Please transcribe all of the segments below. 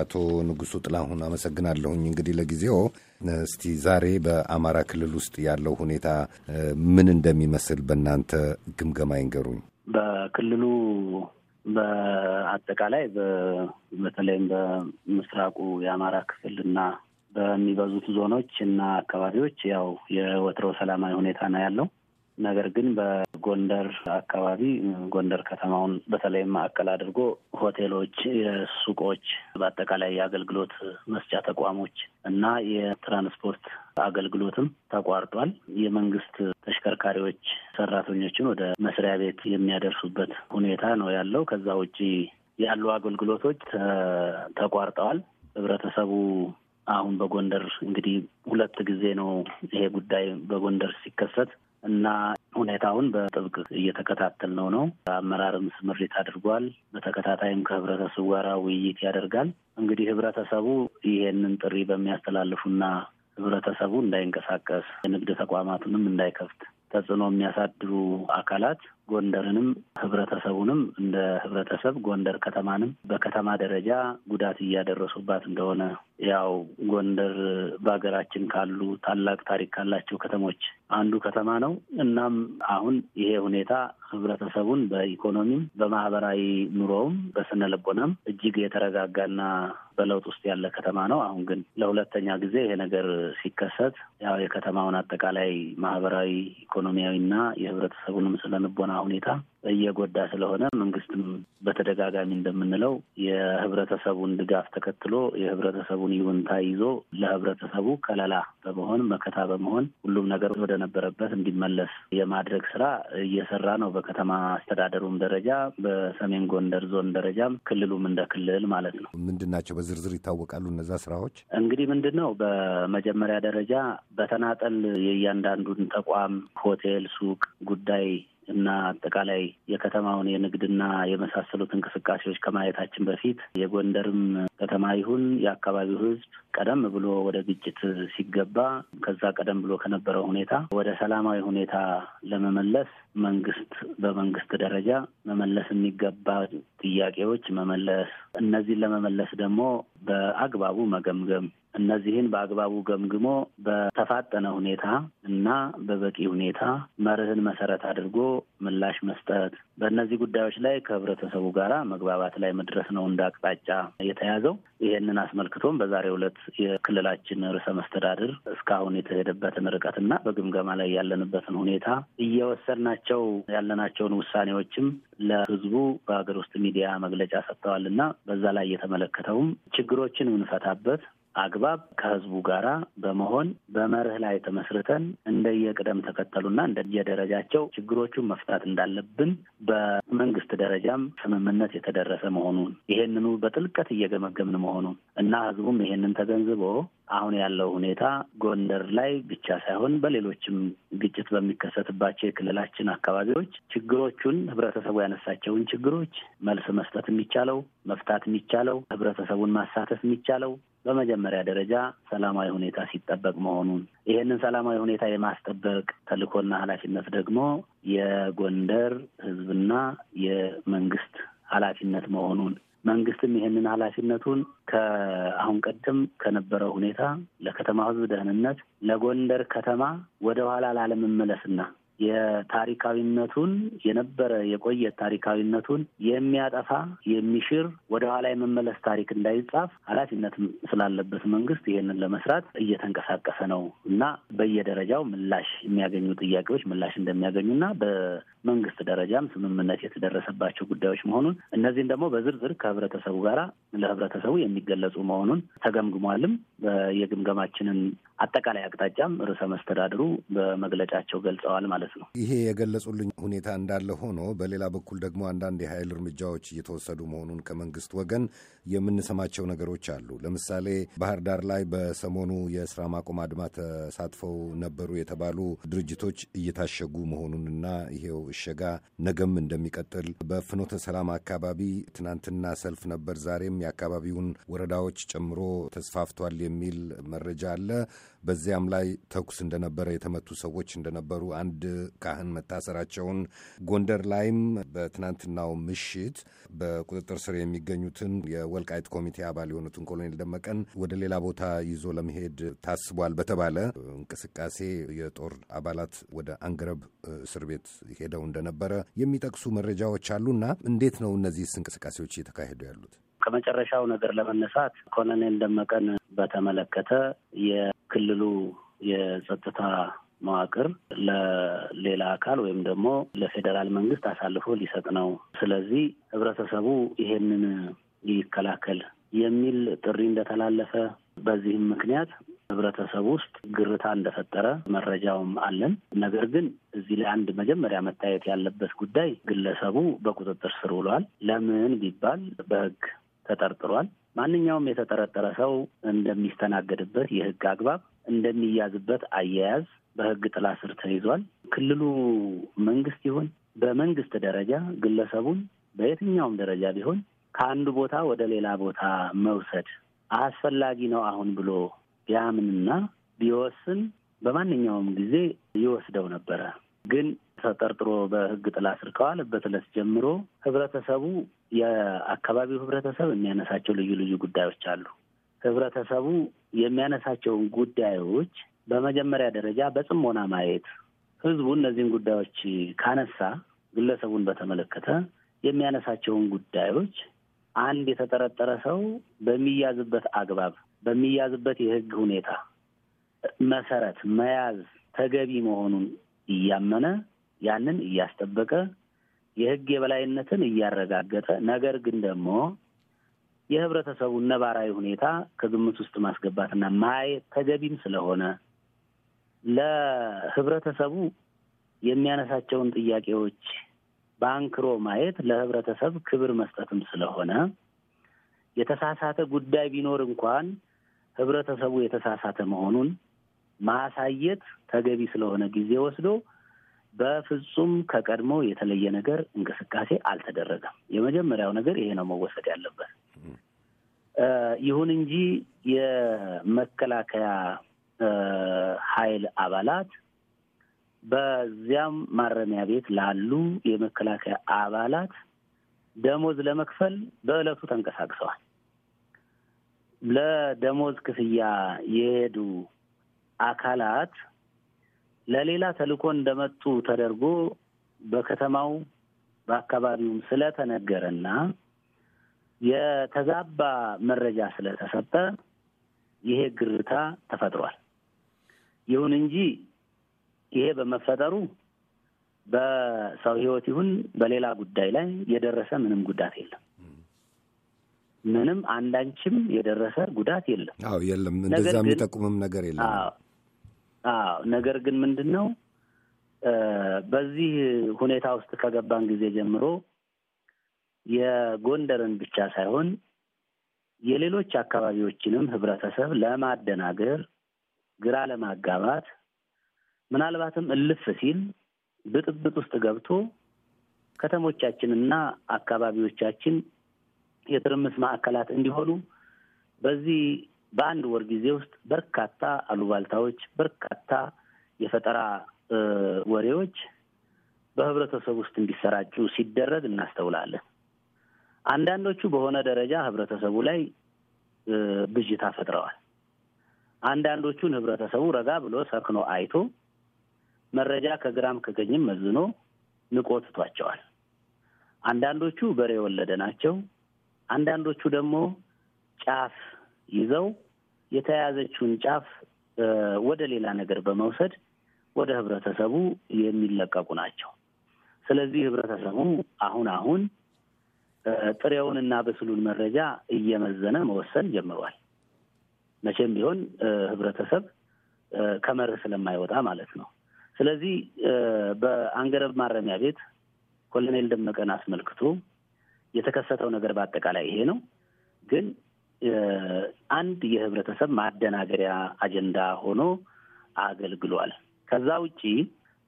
አቶ ንጉሱ ጥላሁን አመሰግናለሁኝ። እንግዲህ ለጊዜው እስቲ ዛሬ በአማራ ክልል ውስጥ ያለው ሁኔታ ምን እንደሚመስል በእናንተ ግምገማ ይንገሩኝ። በክልሉ በአጠቃላይ በተለይም በምስራቁ የአማራ ክፍል እና በሚበዙት ዞኖች እና አካባቢዎች ያው የወትሮ ሰላማዊ ሁኔታ ነው ያለው ነገር ግን በጎንደር አካባቢ ጎንደር ከተማውን በተለይ ማዕከል አድርጎ ሆቴሎች፣ የሱቆች፣ በአጠቃላይ የአገልግሎት መስጫ ተቋሞች እና የትራንስፖርት አገልግሎትም ተቋርጧል። የመንግስት ተሽከርካሪዎች ሰራተኞችን ወደ መስሪያ ቤት የሚያደርሱበት ሁኔታ ነው ያለው። ከዛ ውጪ ያሉ አገልግሎቶች ተቋርጠዋል። ህብረተሰቡ አሁን በጎንደር እንግዲህ ሁለት ጊዜ ነው ይሄ ጉዳይ በጎንደር ሲከሰት እና ሁኔታውን በጥብቅ እየተከታተል ነው። አመራርም ስምሪት አድርጓል። በተከታታይም ከህብረተሰቡ ጋራ ውይይት ያደርጋል። እንግዲህ ህብረተሰቡ ይሄንን ጥሪ በሚያስተላልፉና ህብረተሰቡ እንዳይንቀሳቀስ የንግድ ተቋማቱንም እንዳይከፍት ተጽዕኖ የሚያሳድሩ አካላት ጎንደርንም ህብረተሰቡንም እንደ ህብረተሰብ ጎንደር ከተማንም በከተማ ደረጃ ጉዳት እያደረሱባት እንደሆነ ያው ጎንደር በሀገራችን ካሉ ታላቅ ታሪክ ካላቸው ከተሞች አንዱ ከተማ ነው። እናም አሁን ይሄ ሁኔታ ህብረተሰቡን በኢኮኖሚም በማህበራዊ ኑሮውም በስነ ልቦናም እጅግ የተረጋጋና በለውጥ ውስጥ ያለ ከተማ ነው። አሁን ግን ለሁለተኛ ጊዜ ይሄ ነገር ሲከሰት ያው የከተማውን አጠቃላይ ማህበራዊ ኢኮኖሚያዊና የህብረተሰቡንም ስነ ልቦና ሁኔታ እየጎዳ ስለሆነ መንግስትም በተደጋጋሚ እንደምንለው የህብረተሰቡን ድጋፍ ተከትሎ የህብረተሰቡን ይሁንታ ይዞ ለህብረተሰቡ ከለላ በመሆን መከታ በመሆን ሁሉም ነገር ወደ ነበረበት እንዲመለስ የማድረግ ስራ እየሰራ ነው። በከተማ አስተዳደሩም ደረጃ በሰሜን ጎንደር ዞን ደረጃም ክልሉም እንደ ክልል ማለት ነው። ምንድን ናቸው በዝርዝር ይታወቃሉ እነዛ ስራዎች? እንግዲህ ምንድን ነው በመጀመሪያ ደረጃ በተናጠል የእያንዳንዱን ተቋም ሆቴል፣ ሱቅ ጉዳይ እና አጠቃላይ የከተማውን የንግድና የመሳሰሉት እንቅስቃሴዎች ከማየታችን በፊት የጎንደርም ከተማ ይሁን የአካባቢው ሕዝብ ቀደም ብሎ ወደ ግጭት ሲገባ ከዛ ቀደም ብሎ ከነበረው ሁኔታ ወደ ሰላማዊ ሁኔታ ለመመለስ መንግስት በመንግስት ደረጃ መመለስ የሚገባ ጥያቄዎች መመለስ፣ እነዚህን ለመመለስ ደግሞ በአግባቡ መገምገም እነዚህን በአግባቡ ገምግሞ በተፋጠነ ሁኔታ እና በበቂ ሁኔታ መርህን መሰረት አድርጎ ምላሽ መስጠት በእነዚህ ጉዳዮች ላይ ከህብረተሰቡ ጋር መግባባት ላይ መድረስ ነው እንደ አቅጣጫ የተያዘው። ይሄንን አስመልክቶም በዛሬው ዕለት የክልላችን ርዕሰ መስተዳድር እስካሁን የተሄደበትን ርቀትና በግምገማ ላይ ያለንበትን ሁኔታ እየወሰድናቸው ያለናቸውን ውሳኔዎችም ለህዝቡ በሀገር ውስጥ ሚዲያ መግለጫ ሰጥተዋል እና በዛ ላይ የተመለከተውም ችግሮችን የምንፈታበት አግባብ ከህዝቡ ጋራ በመሆን በመርህ ላይ ተመስርተን እንደየቅደም ተከተሉና እንደየደረጃቸው ችግሮቹን መፍታት እንዳለብን በመንግስት ደረጃም ስምምነት የተደረሰ መሆኑን ይሄንኑ በጥልቀት እየገመገምን መሆኑን እና ህዝቡም ይሄንን ተገንዝቦ አሁን ያለው ሁኔታ ጎንደር ላይ ብቻ ሳይሆን በሌሎችም ግጭት በሚከሰትባቸው የክልላችን አካባቢዎች ችግሮቹን ህብረተሰቡ ያነሳቸውን ችግሮች መልስ መስጠት የሚቻለው መፍታት የሚቻለው ህብረተሰቡን ማሳተፍ የሚቻለው በመጀመሪያ ደረጃ ሰላማዊ ሁኔታ ሲጠበቅ መሆኑን ይህንን ሰላማዊ ሁኔታ የማስጠበቅ ተልእኮና ኃላፊነት ደግሞ የጎንደር ህዝብና የመንግስት ኃላፊነት መሆኑን መንግስትም ይህንን ኃላፊነቱን ከአሁን ቀደም ከነበረው ሁኔታ ለከተማ ህዝብ ደህንነት ለጎንደር ከተማ ወደ ኋላ ላለመመለስና የታሪካዊነቱን የነበረ የቆየ ታሪካዊነቱን የሚያጠፋ የሚሽር ወደ ኋላ የመመለስ ታሪክ እንዳይጻፍ ኃላፊነት ስላለበት መንግስት ይህንን ለመስራት እየተንቀሳቀሰ ነው እና በየደረጃው ምላሽ የሚያገኙ ጥያቄዎች ምላሽ እንደሚያገኙና መንግስት ደረጃም ስምምነት የተደረሰባቸው ጉዳዮች መሆኑን እነዚህን ደግሞ በዝርዝር ከህብረተሰቡ ጋራ ለህብረተሰቡ የሚገለጹ መሆኑን ተገምግሟልም። የግምገማችንን አጠቃላይ አቅጣጫም ርዕሰ መስተዳድሩ በመግለጫቸው ገልጸዋል ማለት ነው። ይሄ የገለጹልኝ ሁኔታ እንዳለ ሆኖ በሌላ በኩል ደግሞ አንዳንድ የኃይል እርምጃዎች እየተወሰዱ መሆኑን ከመንግስት ወገን የምንሰማቸው ነገሮች አሉ። ለምሳሌ ባህር ዳር ላይ በሰሞኑ የስራ ማቆም አድማ ተሳትፈው ነበሩ የተባሉ ድርጅቶች እየታሸጉ መሆኑንና ይሄው እሸጋ ነገም እንደሚቀጥል በፍኖተ ሰላም አካባቢ ትናንትና ሰልፍ ነበር፣ ዛሬም የአካባቢውን ወረዳዎች ጨምሮ ተስፋፍቷል የሚል መረጃ አለ። በዚያም ላይ ተኩስ እንደነበረ የተመቱ ሰዎች እንደነበሩ አንድ ካህን መታሰራቸውን ጎንደር ላይም በትናንትናው ምሽት በቁጥጥር ስር የሚገኙትን የወልቃይት ኮሚቴ አባል የሆኑትን ኮሎኔል ደመቀን ወደ ሌላ ቦታ ይዞ ለመሄድ ታስቧል በተባለ እንቅስቃሴ የጦር አባላት ወደ አንገረብ እስር ቤት ሄደው ተካሂደው እንደነበረ የሚጠቅሱ መረጃዎች አሉና እንዴት ነው እነዚህስ እንቅስቃሴዎች እየተካሄዱ ያሉት? ከመጨረሻው ነገር ለመነሳት ኮሎኔል ደመቀን በተመለከተ የክልሉ የጸጥታ መዋቅር ለሌላ አካል ወይም ደግሞ ለፌዴራል መንግስት አሳልፎ ሊሰጥ ነው። ስለዚህ ህብረተሰቡ ይሄንን ይከላከል የሚል ጥሪ እንደተላለፈ በዚህም ምክንያት ህብረተሰብ ውስጥ ግርታ እንደፈጠረ መረጃውም አለን። ነገር ግን እዚህ ላይ አንድ መጀመሪያ መታየት ያለበት ጉዳይ ግለሰቡ በቁጥጥር ስር ውሏል። ለምን ቢባል በህግ ተጠርጥሯል። ማንኛውም የተጠረጠረ ሰው እንደሚስተናገድበት የህግ አግባብ እንደሚያዝበት አያያዝ በህግ ጥላ ስር ተይዟል። ክልሉ መንግስት ይሁን በመንግስት ደረጃ ግለሰቡን በየትኛውም ደረጃ ቢሆን ከአንዱ ቦታ ወደ ሌላ ቦታ መውሰድ አስፈላጊ ነው አሁን ብሎ ቢያምንና ቢወስን በማንኛውም ጊዜ ይወስደው ነበረ። ግን ተጠርጥሮ በሕግ ጥላ ስር ከዋለበት ዕለት ጀምሮ ህብረተሰቡ የአካባቢው ህብረተሰብ የሚያነሳቸው ልዩ ልዩ ጉዳዮች አሉ። ህብረተሰቡ የሚያነሳቸውን ጉዳዮች በመጀመሪያ ደረጃ በጽሞና ማየት፣ ህዝቡ እነዚህን ጉዳዮች ካነሳ ግለሰቡን በተመለከተ የሚያነሳቸውን ጉዳዮች አንድ የተጠረጠረ ሰው በሚያዝበት አግባብ በሚያዝበት የህግ ሁኔታ መሰረት መያዝ ተገቢ መሆኑን እያመነ ያንን እያስጠበቀ የህግ የበላይነትን እያረጋገጠ ነገር ግን ደግሞ የህብረተሰቡን ነባራዊ ሁኔታ ከግምት ውስጥ ማስገባትና ማየት ተገቢም ስለሆነ ለህብረተሰቡ የሚያነሳቸውን ጥያቄዎች በአንክሮ ማየት ለህብረተሰብ ክብር መስጠትም ስለሆነ የተሳሳተ ጉዳይ ቢኖር እንኳን ህብረተሰቡ የተሳሳተ መሆኑን ማሳየት ተገቢ ስለሆነ ጊዜ ወስዶ በፍጹም ከቀድሞ የተለየ ነገር እንቅስቃሴ አልተደረገም። የመጀመሪያው ነገር ይሄ ነው መወሰድ ያለበት። ይሁን እንጂ የመከላከያ ኃይል አባላት በዚያም ማረሚያ ቤት ላሉ የመከላከያ አባላት ደሞዝ ለመክፈል በዕለቱ ተንቀሳቅሰዋል። ለደሞዝ ክፍያ የሄዱ አካላት ለሌላ ተልእኮ እንደመጡ ተደርጎ በከተማው በአካባቢውም ስለተነገረና የተዛባ መረጃ ስለተሰጠ ይሄ ግርታ ተፈጥሯል። ይሁን እንጂ ይሄ በመፈጠሩ በሰው ሕይወት ይሁን በሌላ ጉዳይ ላይ የደረሰ ምንም ጉዳት የለም። ምንም አንዳንችም የደረሰ ጉዳት የለም። አዎ የለም፣ እንደዛ የሚጠቁምም ነገር የለም። አዎ ነገር ግን ምንድን ነው በዚህ ሁኔታ ውስጥ ከገባን ጊዜ ጀምሮ የጎንደርን ብቻ ሳይሆን የሌሎች አካባቢዎችንም ህብረተሰብ ለማደናገር፣ ግራ ለማጋባት ምናልባትም እልፍ ሲል ብጥብጥ ውስጥ ገብቶ ከተሞቻችንና አካባቢዎቻችን የትርምስ ማዕከላት እንዲሆኑ በዚህ በአንድ ወር ጊዜ ውስጥ በርካታ አሉባልታዎች፣ በርካታ የፈጠራ ወሬዎች በህብረተሰብ ውስጥ እንዲሰራጩ ሲደረግ እናስተውላለን። አንዳንዶቹ በሆነ ደረጃ ህብረተሰቡ ላይ ብዥታ ፈጥረዋል። አንዳንዶቹን ህብረተሰቡ ረጋ ብሎ ሰክኖ አይቶ መረጃ ከግራም ከቀኝም መዝኖ ንቆ ትቷቸዋል። አንዳንዶቹ በሬ የወለደ ናቸው፣ አንዳንዶቹ ደግሞ ጫፍ ይዘው የተያያዘችውን ጫፍ ወደ ሌላ ነገር በመውሰድ ወደ ህብረተሰቡ የሚለቀቁ ናቸው። ስለዚህ ህብረተሰቡ አሁን አሁን ጥሬውን እና ብስሉን መረጃ እየመዘነ መወሰን ጀምሯል። መቼም ቢሆን ህብረተሰብ ከመርህ ስለማይወጣ ማለት ነው። ስለዚህ በአንገረብ ማረሚያ ቤት ኮሎኔል ደመቀን አስመልክቶ የተከሰተው ነገር በአጠቃላይ ይሄ ነው። ግን አንድ የህብረተሰብ ማደናገሪያ አጀንዳ ሆኖ አገልግሏል። ከዛ ውጪ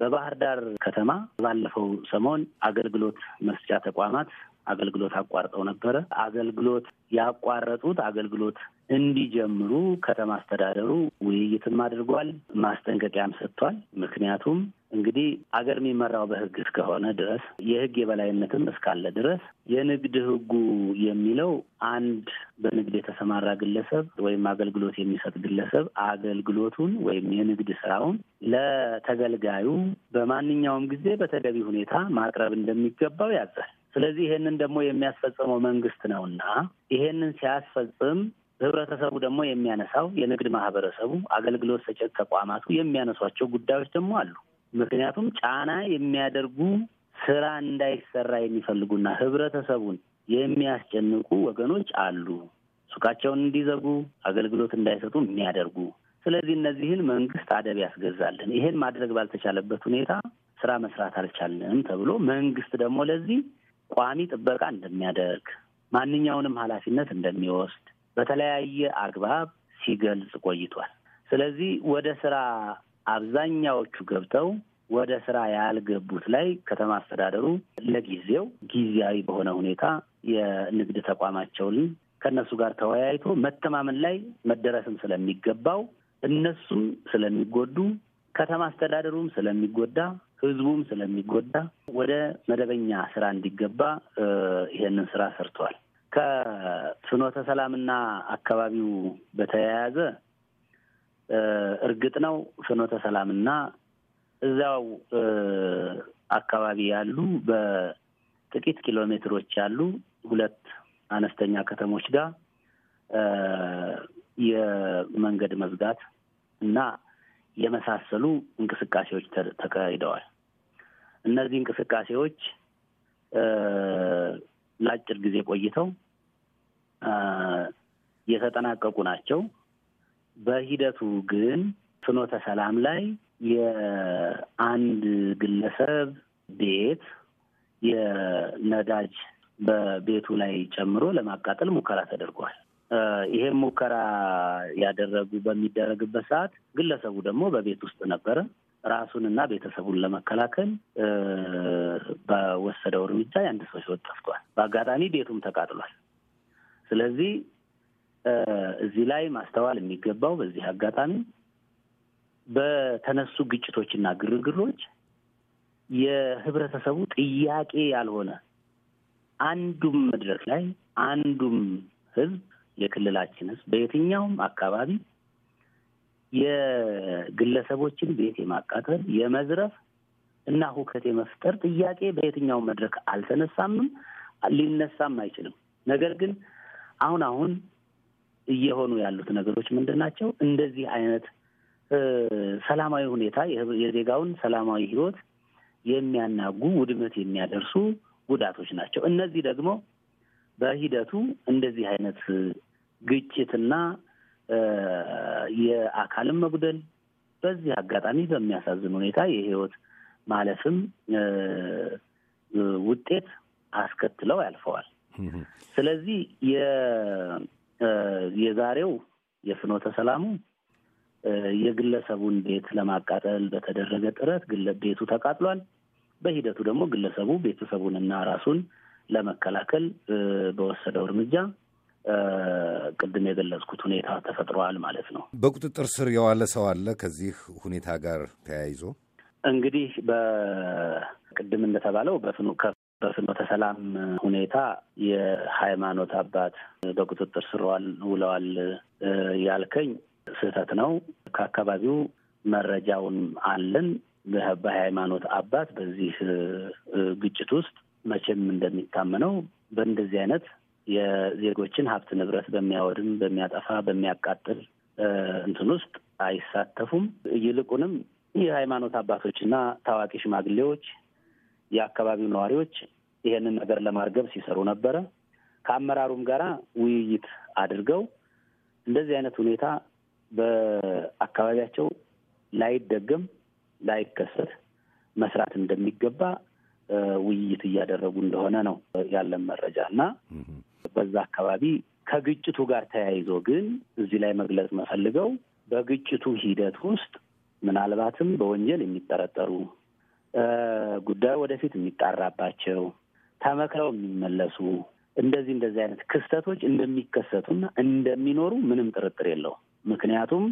በባህር ዳር ከተማ ባለፈው ሰሞን አገልግሎት መስጫ ተቋማት አገልግሎት አቋርጠው ነበረ። አገልግሎት ያቋረጡት አገልግሎት እንዲጀምሩ ከተማ አስተዳደሩ ውይይትም አድርጓል፣ ማስጠንቀቂያም ሰጥቷል። ምክንያቱም እንግዲህ አገር የሚመራው በህግ እስከሆነ ድረስ የህግ የበላይነትም እስካለ ድረስ የንግድ ህጉ የሚለው አንድ በንግድ የተሰማራ ግለሰብ ወይም አገልግሎት የሚሰጥ ግለሰብ አገልግሎቱን ወይም የንግድ ስራውን ለተገልጋዩ በማንኛውም ጊዜ በተገቢ ሁኔታ ማቅረብ እንደሚገባው ያዛል። ስለዚህ ይሄንን ደግሞ የሚያስፈጽመው መንግስት ነውና ይሄንን ሲያስፈጽም ህብረተሰቡ ደግሞ የሚያነሳው የንግድ ማህበረሰቡ አገልግሎት ሰጪ ተቋማቱ የሚያነሷቸው ጉዳዮች ደግሞ አሉ። ምክንያቱም ጫና የሚያደርጉ ስራ እንዳይሰራ የሚፈልጉና ህብረተሰቡን የሚያስጨንቁ ወገኖች አሉ። ሱቃቸውን እንዲዘጉ፣ አገልግሎት እንዳይሰጡ የሚያደርጉ ስለዚህ እነዚህን መንግስት አደብ ያስገዛልን። ይሄን ማድረግ ባልተቻለበት ሁኔታ ስራ መስራት አልቻልንም ተብሎ መንግስት ደግሞ ለዚህ ቋሚ ጥበቃ እንደሚያደርግ ማንኛውንም ኃላፊነት እንደሚወስድ በተለያየ አግባብ ሲገልጽ ቆይቷል። ስለዚህ ወደ ስራ አብዛኛዎቹ ገብተው ወደ ስራ ያልገቡት ላይ ከተማ አስተዳደሩ ለጊዜው ጊዜያዊ በሆነ ሁኔታ የንግድ ተቋማቸውን ከእነሱ ጋር ተወያይቶ መተማመን ላይ መደረስም ስለሚገባው እነሱም ስለሚጎዱ ከተማ አስተዳደሩም ስለሚጎዳ ህዝቡም ስለሚጎዳ ወደ መደበኛ ስራ እንዲገባ ይሄንን ስራ ሰርተዋል። ከፍኖተ ሰላምና አካባቢው በተያያዘ እርግጥ ነው ፍኖተ ሰላምና እዚያው አካባቢ ያሉ በጥቂት ኪሎ ሜትሮች ያሉ ሁለት አነስተኛ ከተሞች ጋር የመንገድ መዝጋት እና የመሳሰሉ እንቅስቃሴዎች ተካሂደዋል። እነዚህ እንቅስቃሴዎች ለአጭር ጊዜ ቆይተው የተጠናቀቁ ናቸው። በሂደቱ ግን ፍኖተ ሰላም ላይ የአንድ ግለሰብ ቤት የነዳጅ በቤቱ ላይ ጨምሮ ለማቃጠል ሙከራ ተደርጓል። ይሄም ሙከራ ያደረጉ በሚደረግበት ሰዓት ግለሰቡ ደግሞ በቤት ውስጥ ነበረ። ራሱንና ቤተሰቡን ለመከላከል በወሰደው እርምጃ የአንድ ሰው ሕይወት ጠፍቷል። በአጋጣሚ ቤቱም ተቃጥሏል። ስለዚህ እዚህ ላይ ማስተዋል የሚገባው በዚህ አጋጣሚ በተነሱ ግጭቶችና ግርግሮች የህብረተሰቡ ጥያቄ ያልሆነ አንዱም መድረክ ላይ አንዱም ህዝብ የክልላችን ህዝብ በየትኛውም አካባቢ የግለሰቦችን ቤት የማቃጠል የመዝረፍ እና ሁከት የመፍጠር ጥያቄ በየትኛውም መድረክ አልተነሳምም፣ ሊነሳም አይችልም። ነገር ግን አሁን አሁን እየሆኑ ያሉት ነገሮች ምንድን ናቸው? እንደዚህ አይነት ሰላማዊ ሁኔታ የዜጋውን ሰላማዊ ህይወት የሚያናጉ ውድመት የሚያደርሱ ጉዳቶች ናቸው። እነዚህ ደግሞ በሂደቱ እንደዚህ አይነት ግጭትና የአካልን መጉደል በዚህ አጋጣሚ በሚያሳዝን ሁኔታ የህይወት ማለፍም ውጤት አስከትለው ያልፈዋል። ስለዚህ የዛሬው የፍኖተ ሰላሙ የግለሰቡን ቤት ለማቃጠል በተደረገ ጥረት ቤቱ ተቃጥሏል። በሂደቱ ደግሞ ግለሰቡ ቤተሰቡንና ራሱን ለመከላከል በወሰደው እርምጃ ቅድም የገለጽኩት ሁኔታ ተፈጥሯል ማለት ነው። በቁጥጥር ስር የዋለ ሰው አለ። ከዚህ ሁኔታ ጋር ተያይዞ እንግዲህ በቅድም እንደተባለው በፍኖተ ሰላም ሁኔታ የሃይማኖት አባት በቁጥጥር ስር ውለዋል ያልከኝ ስህተት ነው። ከአካባቢው መረጃውን አለን። በሃይማኖት አባት በዚህ ግጭት ውስጥ መቼም እንደሚታመነው በእንደዚህ አይነት የዜጎችን ሀብት ንብረት በሚያወድም፣ በሚያጠፋ፣ በሚያቃጥል እንትን ውስጥ አይሳተፉም። ይልቁንም የሃይማኖት አባቶችና ታዋቂ ሽማግሌዎች የአካባቢው ነዋሪዎች ይሄንን ነገር ለማርገብ ሲሰሩ ነበረ። ከአመራሩም ጋር ውይይት አድርገው እንደዚህ አይነት ሁኔታ በአካባቢያቸው ላይደገም ላይከሰት መስራት እንደሚገባ ውይይት እያደረጉ እንደሆነ ነው ያለን መረጃ እና በዛ አካባቢ ከግጭቱ ጋር ተያይዞ ግን እዚህ ላይ መግለጽ መፈልገው በግጭቱ ሂደት ውስጥ ምናልባትም በወንጀል የሚጠረጠሩ ጉዳዩ ወደፊት የሚጣራባቸው ተመክረው የሚመለሱ እንደዚህ እንደዚህ አይነት ክስተቶች እንደሚከሰቱና እንደሚኖሩ ምንም ጥርጥር የለው ምክንያቱም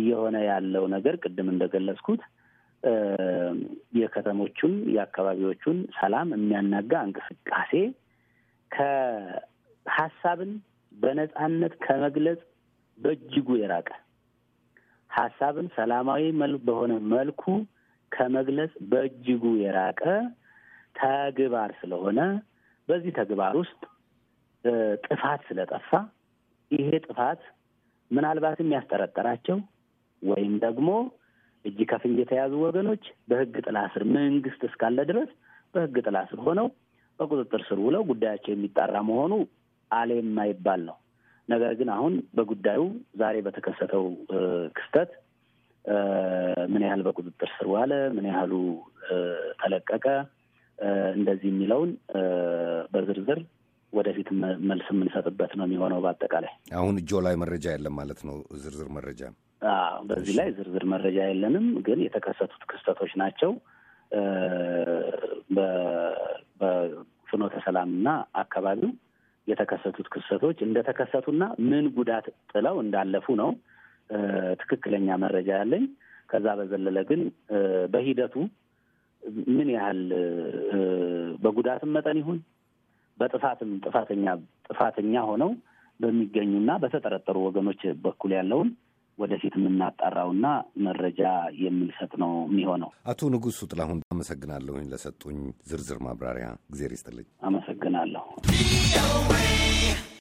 እየሆነ ያለው ነገር ቅድም እንደገለጽኩት የከተሞቹን የአካባቢዎቹን ሰላም የሚያናጋ እንቅስቃሴ ከሀሳብን በነጻነት ከመግለጽ በእጅጉ የራቀ ሀሳብን ሰላማዊ በሆነ መልኩ ከመግለጽ በእጅጉ የራቀ ተግባር ስለሆነ በዚህ ተግባር ውስጥ ጥፋት ስለጠፋ ይሄ ጥፋት ምናልባትም ያስጠረጠራቸው ወይም ደግሞ እጅ ከፍንጅ የተያዙ ወገኖች በሕግ ጥላ ስር መንግስት እስካለ ድረስ በሕግ ጥላ ስር ሆነው በቁጥጥር ስር ውለው ጉዳያቸው የሚጣራ መሆኑ አሌ የማይባል ነው። ነገር ግን አሁን በጉዳዩ ዛሬ በተከሰተው ክስተት ምን ያህል በቁጥጥር ስር ዋለ፣ ምን ያህሉ ተለቀቀ፣ እንደዚህ የሚለውን በዝርዝር ወደፊት መልስ የምንሰጥበት ነው የሚሆነው። በአጠቃላይ አሁን እጆ ላይ መረጃ የለም ማለት ነው፣ ዝርዝር መረጃ በዚህ ላይ ዝርዝር መረጃ የለንም፣ ግን የተከሰቱት ክስተቶች ናቸው። በፍኖተ ሰላምና አካባቢው የተከሰቱት ክስተቶች እንደተከሰቱና ምን ጉዳት ጥለው እንዳለፉ ነው ትክክለኛ መረጃ ያለኝ። ከዛ በዘለለ ግን በሂደቱ ምን ያህል በጉዳትም መጠን ይሁን በጥፋትም ጥፋተኛ ጥፋተኛ ሆነው በሚገኙና በተጠረጠሩ ወገኖች በኩል ያለውን ወደፊት የምናጣራውና መረጃ የምንሰጥ ነው የሚሆነው። አቶ ንጉሱ ጥላሁን አመሰግናለሁኝ ለሰጡኝ ዝርዝር ማብራሪያ። እግዜር ይስጥልኝ። አመሰግናለሁ።